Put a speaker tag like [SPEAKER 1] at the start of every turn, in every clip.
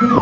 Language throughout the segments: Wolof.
[SPEAKER 1] Thank you.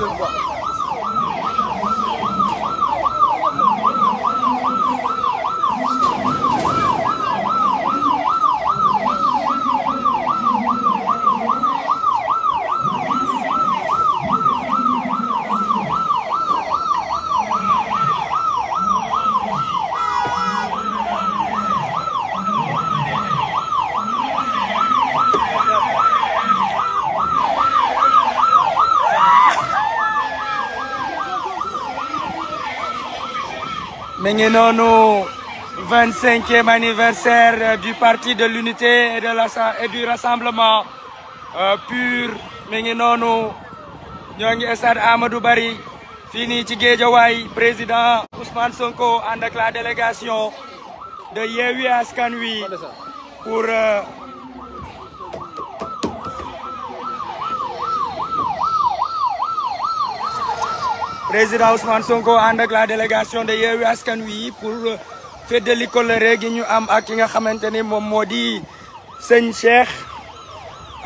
[SPEAKER 1] deux fois.
[SPEAKER 2] mi ngi noonu 25e anniversaire du parti de l'unité et de la et du rassemblement euh, pur mi ngi noonu ngi stade Amadou Barry Fini président Ousmane Sonko ànd la délégation de Yewwi Askanwi pour euh, président Ousmane Sonko ànd ak la délégation de Yewwi Askan wii pour feddali kóllëre gi ñu am ak ki nga xamante ni moom moo di sëñ Cheikh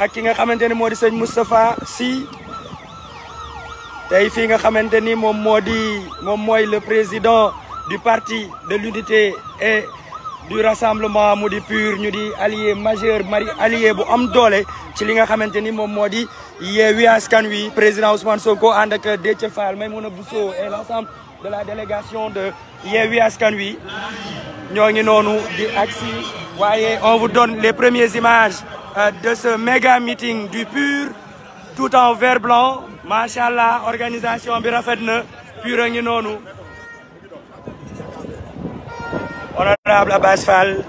[SPEAKER 2] ak ki nga xamante ni moo di sëñ Moustapha Sy tey fii nga xamante ni moom moo di moom mooy le président du parti de l'unité et du rassemblement du PUR ñu di allié majeur mari allié bu am doole ci li nga xamanteni mom modi président Ousmane Sonko and ak Déthié Fall Bousso et l'ensemble de la délégation de Yewwi Askan Wi ñoo ngi noonu di aksi wayé on vous donne les premières images euh, de ce méga meeting du PUR tout en vert blanc machallah organisation bi rafet na PUR honorable Abbas Fall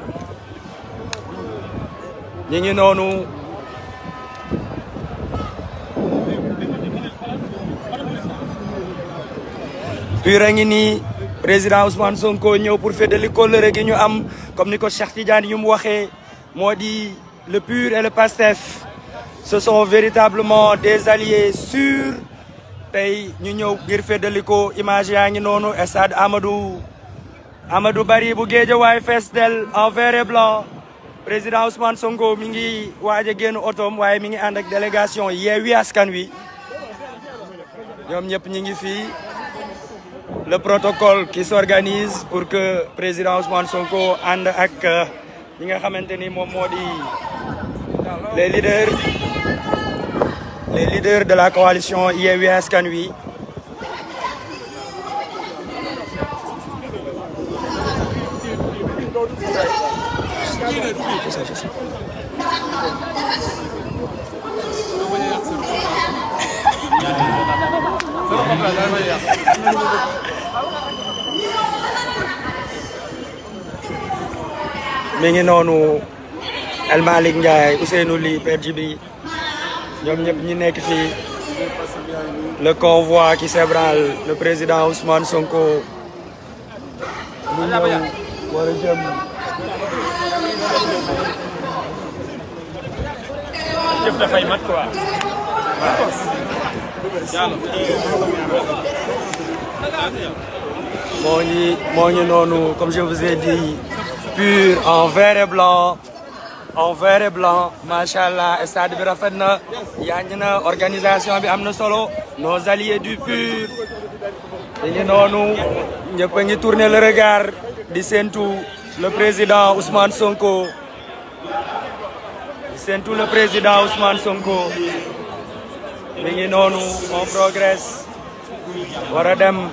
[SPEAKER 2] ñi nous puis président Ousmane Sonko pour faire am comme Nico Cheikh le PUR et le PASTEF ce sont véritablement des alliés sur. Nous ñu Nous nous feddali ko image Amadou Amadou Bari bu Guédiawaye Festel en vert et blanc président Ousmane Sonko Mingi, waja Otom, Mingi, waye mingi ak délégation Yewwi Askan Wi ñi ngi fi. le protocole qui s'organise pour que président Ousmane Sonko and ak euh, ñi nga xamanteni mom modi, les leaders les leaders de la coalition Yewwi Askan mi ngi noonu El Malick Ndiaye Ousseynou Ly Père Djibi ñoom ñi nekk fi le convoi qui s'ébranle le président Ousmane Sonko. comme je vous ai dit pur en vert et blanc en vert et blanc macha allah stade bi il na a une organisation bi solo nos alliés du pur ñu nous, tourner le regard. di séntu le président Ousmane Sonko di séntu le président Ousmane Sonko mi ngi nonu on progress wara dem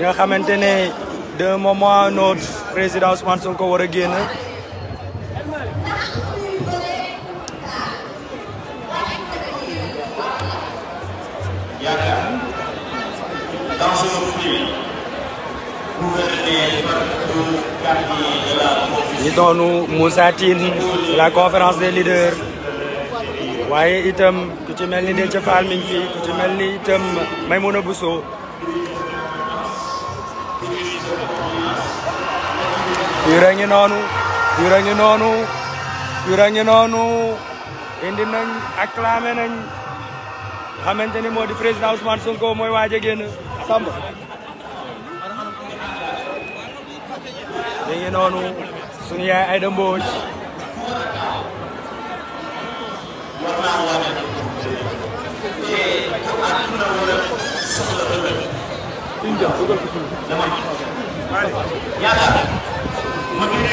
[SPEAKER 2] nga xamantene de moment à président Ousmane Sonko wara guen
[SPEAKER 1] Yeah. dans ce
[SPEAKER 2] ñi doonu Moussa Tine la conférence des leaders waaye itam ku ci mel ni Déthié Fall mi ngi fi ku ci mel ni itam Maimouna Bousso yura ngi noonu yura ngi noonu yura ngi noonu indi nañ acclamé nañ xamante ni moo di président Ousmane Sonko mooy génn Samba ñu ngi noonu suñu yaay Aïda Mbodj
[SPEAKER 1] dama yaakaar